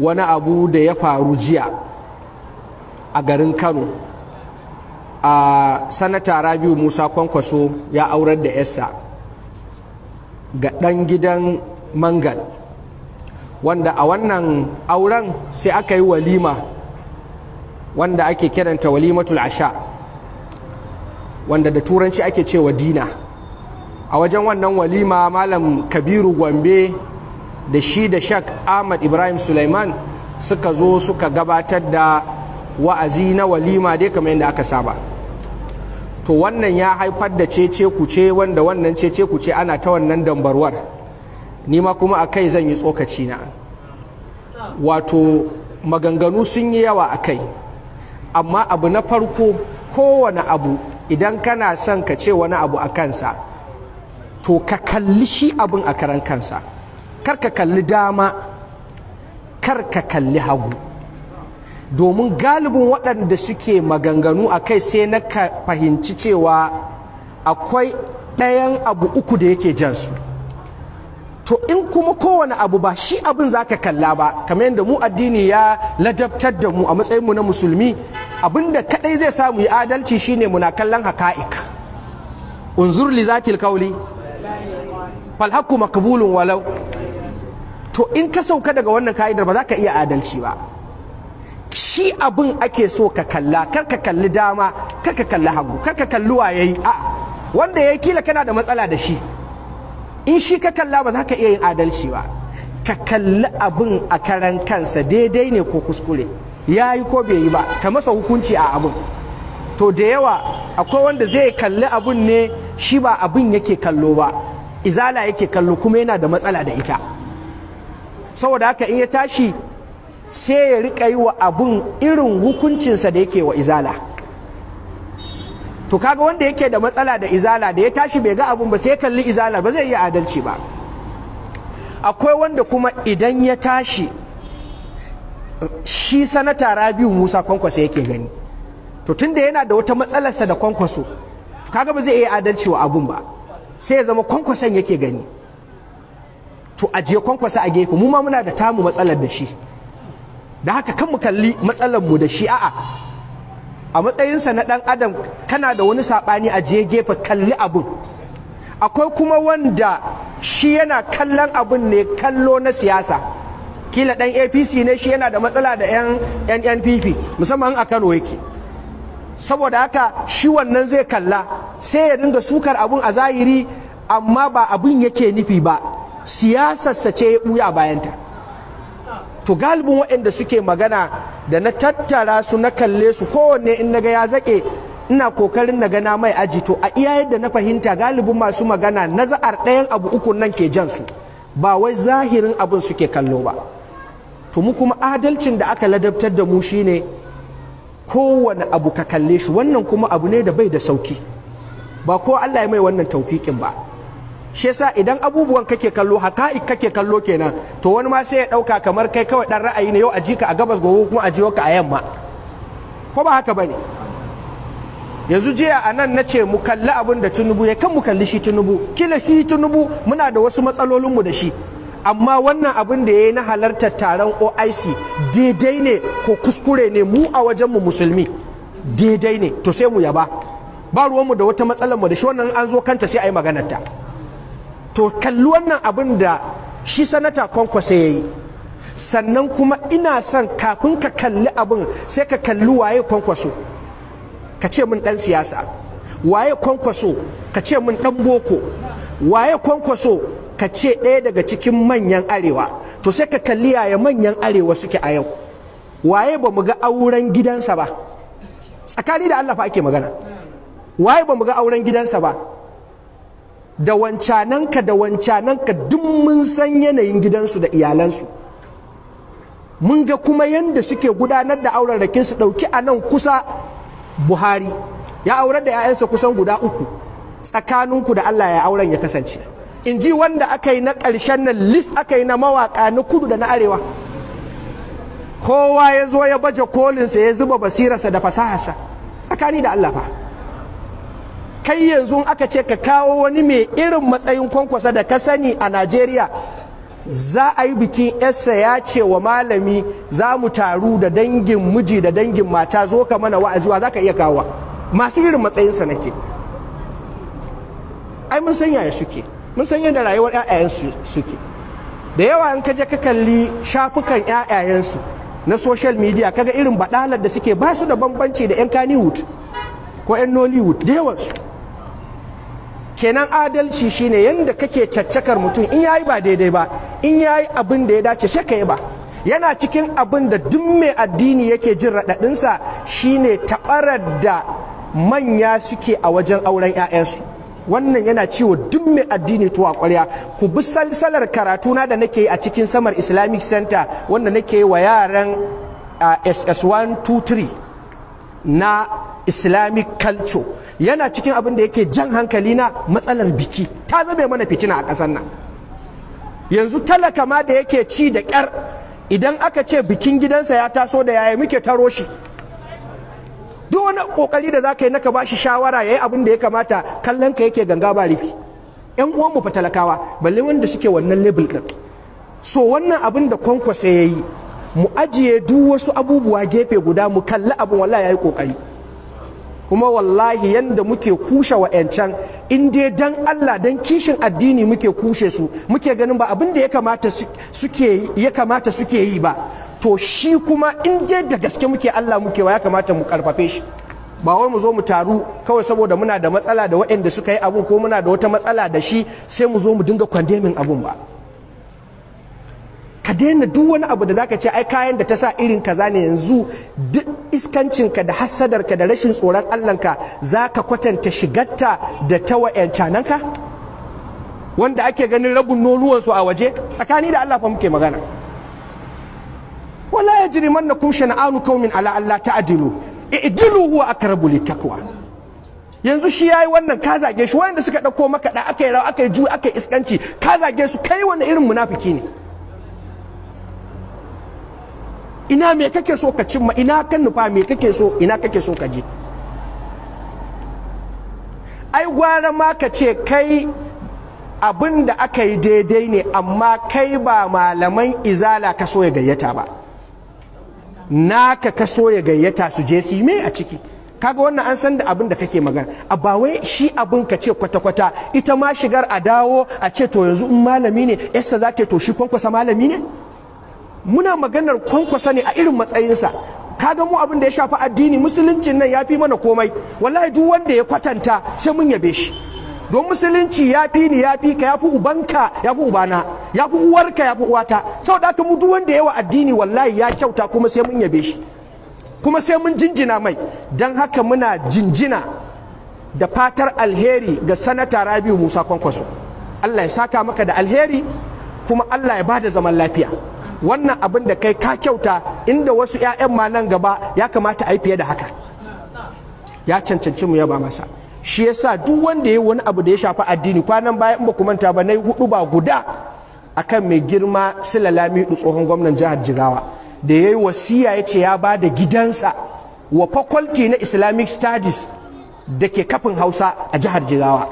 wani abu da ya faru jiya a garin kano a sanata rabiu musa kwankwaso ya aurar da yarsa ga ɗan gidan mangal wanda a wannan auren sai aka yi walima wanda ake kiranta walimatul asha wanda da turanci ake cewa dina a wajen wannan walima malam kabiru gombe da shi da shak ahmad ibrahim suleiman suka zo suka gabatar da wa'azi na walima dai kamar yadda aka saba to wannan ya haifar da cece kuce wanda wannan cece kuce ana ta wannan dambarwar ni ma kuma a kai zan yi tsokaci na wato maganganu sun yi yawa a kai amma abu na farko kowane abu idan kana son ka ce wani abu a kansa to ka kalli shi abin a karan kansa kar ka kalli dama kar ka kalli hagu domin galibin waɗanda suke maganganu a kai sai na ka fahimci cewa akwai ɗayan abu uku da yake jansu to in kuma kowane abu ba shi abin za ka kalla ba kamar yadda mu addini ya ladabtar da mu a matsayin mu na musulmi da kaɗai zai samu yi adalci shine muna kallon haka'ik unzur li zakil kauli falhaku makabulun walau to in ka sauka daga wannan ka'idar ba za ka iya adalci ba shi abin ake so ka kalla kar ka kalli dama kar ka kalli hagu kar ka kalli wayayi a wanda ya kila kana da matsala da shi in shi ka kalla ba za ka iya yin adalci ba ka kalli abin a karan kansa daidai ne ko kuskure ya yi ko bai yi ba ka masa hukunci a abin to da yawa akwai wanda zai kalli abin ne shi ba abin yake kallo ba izala yake kallo kuma yana da matsala da ita saboda haka in ya tashi sai ya rika yi wa abun irin hukuncinsa da yake wa izala to kaga wanda yake da matsala da izala da ya tashi bai ga abun ba sai ya kalli izala ba zai yi adalci ba akwai wanda kuma idan ya tashi shi sanata rabiu musa kwankwaso yake gani to tunda yana da wata matsalarsa da kwankwaso kaga ba zai yi adalci wa abun ba sai ya zama kwankwason yake gani to ajiye kwankwasa a gefe mu ma muna da tamu matsalar da shi da haka kan mu kalli matsalar mu da shi a'a a matsayinsa na dan adam kana da wani saɓani ajiye gefe kalli abun akwai kuma wanda shi yana kallon abun ne kallo na siyasa kila ɗan apc ne shi yana da matsala da yan npp musamman a kano yake saboda haka shi wannan zai kalla sai ya dinga sukar abun a zahiri amma ba abun yake nufi ba siyasarsa ce ya ɓuya bayanta to galibin waɗanda suke magana da na tattara su na kalle su kowanne in naga ya zaƙe ina kokarin na gana mai aji to a iya yadda na fahimta galibin masu magana za'ar ɗayan abu uku nan ke jan su ba wai zahirin abin suke kallo ba to mu kuma adalcin da aka ladabtar da mu shine kowane abu ka kalle shi wannan kuma abu ne da bai da sauki ba ko Allah ya mai wannan taufikin ba shi yasa idan abubuwan kake kallo haka'ik kake kallo kenan to wani ma sai ya ɗauka kamar kai kawai dan ra'ayi ne yau a jika a gabas gobe kuma a jiyo ka a yamma ko ba haka bane yanzu jiya a nan na ce mu kalli abin da tunubu ya kan mu kalli shi tunubu kila shi tunubu muna da wasu matsalolinmu da shi amma wannan abun da ya yi na halartar taron oic daidai ne ko kuskure ne mu a wajenmu musulmi daidai ne to sai mu yaba ba ruwanmu da wata matsalar mu da shi wannan an zo kanta sai a yi maganarta to kalli wannan abin da shi sanata kwankwasa ya yi sannan kuma ina son kafin ka kalli abin sai ka kalli waye kwankwaso ka ce min ɗan siyasa waye kwankwaso ka ce min ɗan boko waye kwankwaso ka ce ɗaya daga cikin manyan arewa to sai ka kalli yaya manyan arewa suke a yau waye ba mu ga auren gidansa ba tsakani da Allah ake magana waye ba mu ga auren gidansa ba da wancananka da wancananka duk mun san yanayin gidansu da iyalansu mun ga kuma yadda suke gudanar da auren su ɗauki a nan kusa buhari ya aure da 'ya'yansa kusan guda uku tsakaninku da allah ya auren ya kasance in ji wanda aka yi na karshen nan lis aka yi na mawaƙa na kudu da na arewa kowa ya zo ya baje kolinsa ya zuba basirarsa da fasaharsa tsakani da allah fa kai yanzu aka ce ka kawo wani mai irin matsayin kwankwasa da ka sani a najeriya za a yi bikin yarsa ya ce wa malami za mu taru da dangin miji da dangin mata zo ka mana wa'aziwa za ka iya kawo masu irin matsayinsa nake ai mun san yaya suke mun san yadda rayuwar su suke da yawa an kaje ka kalli shafukan 'ya'yayensu na social media kaga irin badalar da suke ba su da bambanci da 'yan kannywood ko 'yan nollywood da yawansu kenan adalci shine yanda kake caccakar mutum in yayi ba daidai ba in yayi abin da ya dace sai ka yi ba yana cikin abin da duk mai addini yake jin raɗaɗinsa shine tabarar da manya suke a wajen auren 'ya'yansu wannan yana ciwo duk mai addini tuwa ƙwarya ku bi salsalar karatuna da nake yi a cikin samar islamic center wanda nake yi wa yaran ss123 na islamic culture yana cikin abin da yake jan hankali na matsalar biki ta zame mana fitina a ƙasar nan yanzu talaka ma da yake ci da ƙyar idan aka ce bikin gidansa ya taso da yaya muke taro shi duk wani kokari da zaka yi naka ba shi shawara yayi abin da ya kamata kallon ka yake ganga ba rufi yan uwan mu fa talakawa balle wanda suke wannan level din so wannan abin da kwankwasa yayi mu ajiye duk wasu abubuwa gefe guda mu kalli abin wallahi yayi kokari kuma wallahi yadda muke kushe wa'yancan in dai dan Allah dan kishin addini muke kushe su muke ganin ba abin da ya kamata suke yi ba to shi kuma in dai da gaske muke Allah muke wa ya kamata mu karfafe shi ba wai mu zo mu taru kawai saboda muna da matsala da waɗanda suka yi abun ko muna da wata matsala da shi sai mu zo mu dinga kwandemin abun ba ka daina duk wani abu da zaka ce ai kayan da ta sa irin kaza ne yanzu iskancinka da hasadarka da rashin tsoron allanka za ka kwatanta shigarta da ta wa'yancananka wanda ake ganin rabin nonuwansu a waje tsakani da allah fa muke magana wala ya jiri manna na shana'anu kaumin ala allah ta'dilu i'dilu huwa akrabu littaqwa yanzu shi yayi wannan ka zage shi wanda suka dauko maka da aka yi rawa aka yi ju aka yi iskanci ka zage su kai wani irin munafiki ne ina me kake so ka cimma ina kan nufa me kake so ina kake so ka je ai gwara ma ka ce kai abin da aka yi daidai ne amma kai ba malaman izala ka so ya gayyata ba naka ka so ya gayyata su je su me a ciki kaga wannan an san da abin da kake magana a ba wai shi abin ka ce kwata-kwata ita ma shigar a dawo a ce to yanzu in malami ne yasa za ta to shi kwankwasa malami ne muna maganar kwankwasa ne a irin matsayinsa kaga mu abin da ya shafi addini musuluncin nan ya fi mana komai wallahi duk wanda ya kwatanta sai mun yabe shi don musulunci ya fi ni ya fi ka ya fi ubanka ya fi ubana ya fi uwarka ya fi uwata saboda haka mu duk wanda yawa addini wallahi ya kyauta kuma sai mun yabe shi kuma sai mun jinjina mai don haka muna jinjina da fatar alheri ga sanata rabiu musa kwankwaso allah ya saka maka da alheri kuma allah ya ba da zaman lafiya wannan abin da kai ka kyauta inda wasu 'ya'yan ma nan gaba ya kamata a yi fiye da haka ya cancanci mu ya ba masa shi yasa duk wanda ya wani abu da ya shafi addini kwanan baya in ba ku manta ba na hudu ba guda akan mai girma silalami tsohon gwamnan jihar jigawa da ya yi wasiya ya ce ya ba da gidansa wa faculty na islamic studies da ke kafin hausa a jihar jigawa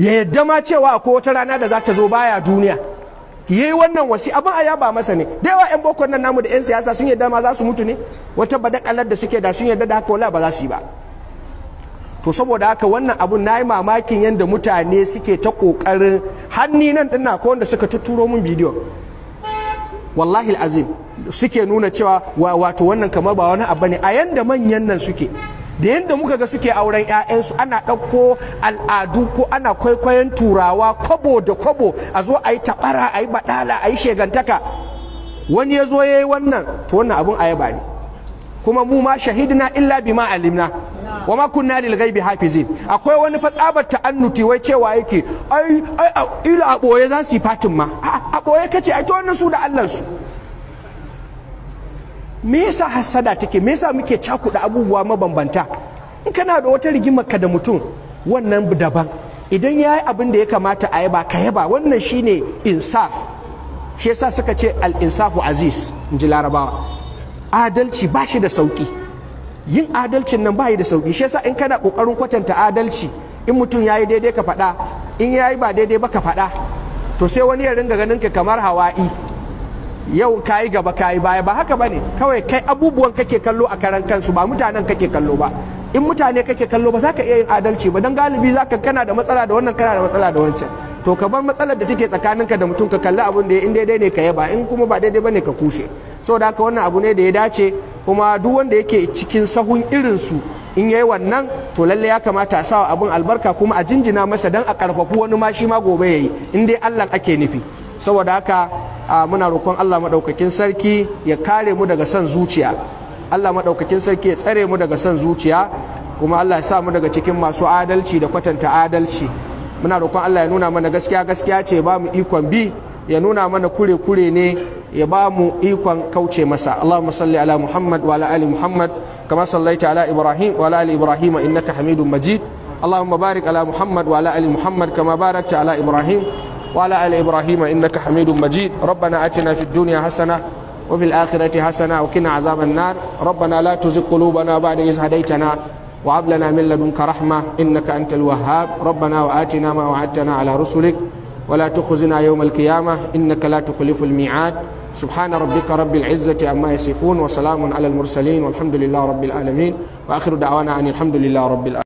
ya yadda ma cewa akwai wata rana da za ta zo baya duniya yi wannan wasi abin a yaba masa ne da yawa yan bokon nan namu da yan siyasa sun yadda ma za su mutu ne wata badakalar da suke da sun yadda da haka wala ba za su yi ba to saboda haka wannan abun na yi mamakin yadda mutane suke ta kokarin hanni nan din na ko wanda suka tuturo min bidiyo wallahi azim suke nuna cewa wato wannan kamar ba wani abu ne a yanda manyan nan suke da yadda muka ga suke auren 'ya'yansu ana ɗauko al'adu ko ana kwaikwayon turawa kwabo da kwabo a zo a yi taɓara a yi baɗala a yi shegantaka wani ya zo ya yi wannan to wannan abin ayaba ne kuma mu ma shahidina illa bi ma alimna wa ma kunna lil ghaibi hafizin akwai wani fa tsabar ta'annuti wai cewa yake ai ai ila a boye za su yi fatin ma a boye kace ai to wannan su da Allah su me yasa hasada take me yasa muke cakuɗa abubuwa mabambanta in kana da wata rigimar ka da mutum wannan daban idan ya yi abin da ya kamata a yaba ka yaba wannan shine insaf shi yasa suka ce al insafu aziz in ji larabawa adalci ba shi da sauki yin adalcin nan ba da sauki shi yasa in kana kokarin kwatanta adalci in mutum ya yi daidai ka faɗa in ya ba daidai ba ka faɗa to sai wani ya ringa ganin ka kamar hawa'i yau kayi gaba kayi baya ba haka bane kawai kai abubuwan kake kallo a karan kansu ba mutanen kake kallo ba in mutane kake kallo ba za ka iya yin adalci ba don galibi za ka kana da matsala da wannan kana da matsala da wancan to ka bar matsalar da take tsakaninka da mutum ka kalli abun da in daidai ne ka yaba in kuma ba daidai bane ka kushe so da haka wannan abu ne da ya dace kuma duk wanda yake cikin sahun irinsu in yayi wannan to lalle ya kamata a sawa abun albarka kuma a jinjina masa don a karfafu wani ma shi ma gobe yayi in dai Allah ake nufi saboda haka muna roƙon Allah maɗaukakin sarki ya kare mu daga son zuciya Allah maɗaukakin sarki ya tsare mu daga son zuciya kuma Allah ya sa mu daga cikin masu adalci da kwatanta adalci muna roƙon Allah ya nuna mana gaskiya gaskiya ce ba mu ikon bi ya nuna mana kure kure ne ya ba mu ikon kauce masa Allahumma salli ala Muhammad wa ala ali Muhammad kama sallaita ala Ibrahim wa ala ali Ibrahim innaka Hamidum Majid Allahumma barik ala Muhammad wa ala ali Muhammad kama barakta ala Ibrahim وعلى آل إبراهيم إنك حميد مجيد ربنا آتنا في الدنيا حسنة وفي الآخرة حسنة وقنا عذاب النار ربنا لا تزغ قلوبنا بعد إذ هديتنا وهب لنا من لدنك رحمة إنك أنت الوهاب ربنا وآتنا ما وعدتنا على رسلك ولا تخزنا يوم القيامة إنك لا تخلف الميعاد سبحان ربك رب العزة أما يصفون وسلام على المرسلين والحمد لله رب العالمين وآخر دعوانا أن الحمد لله رب العالمين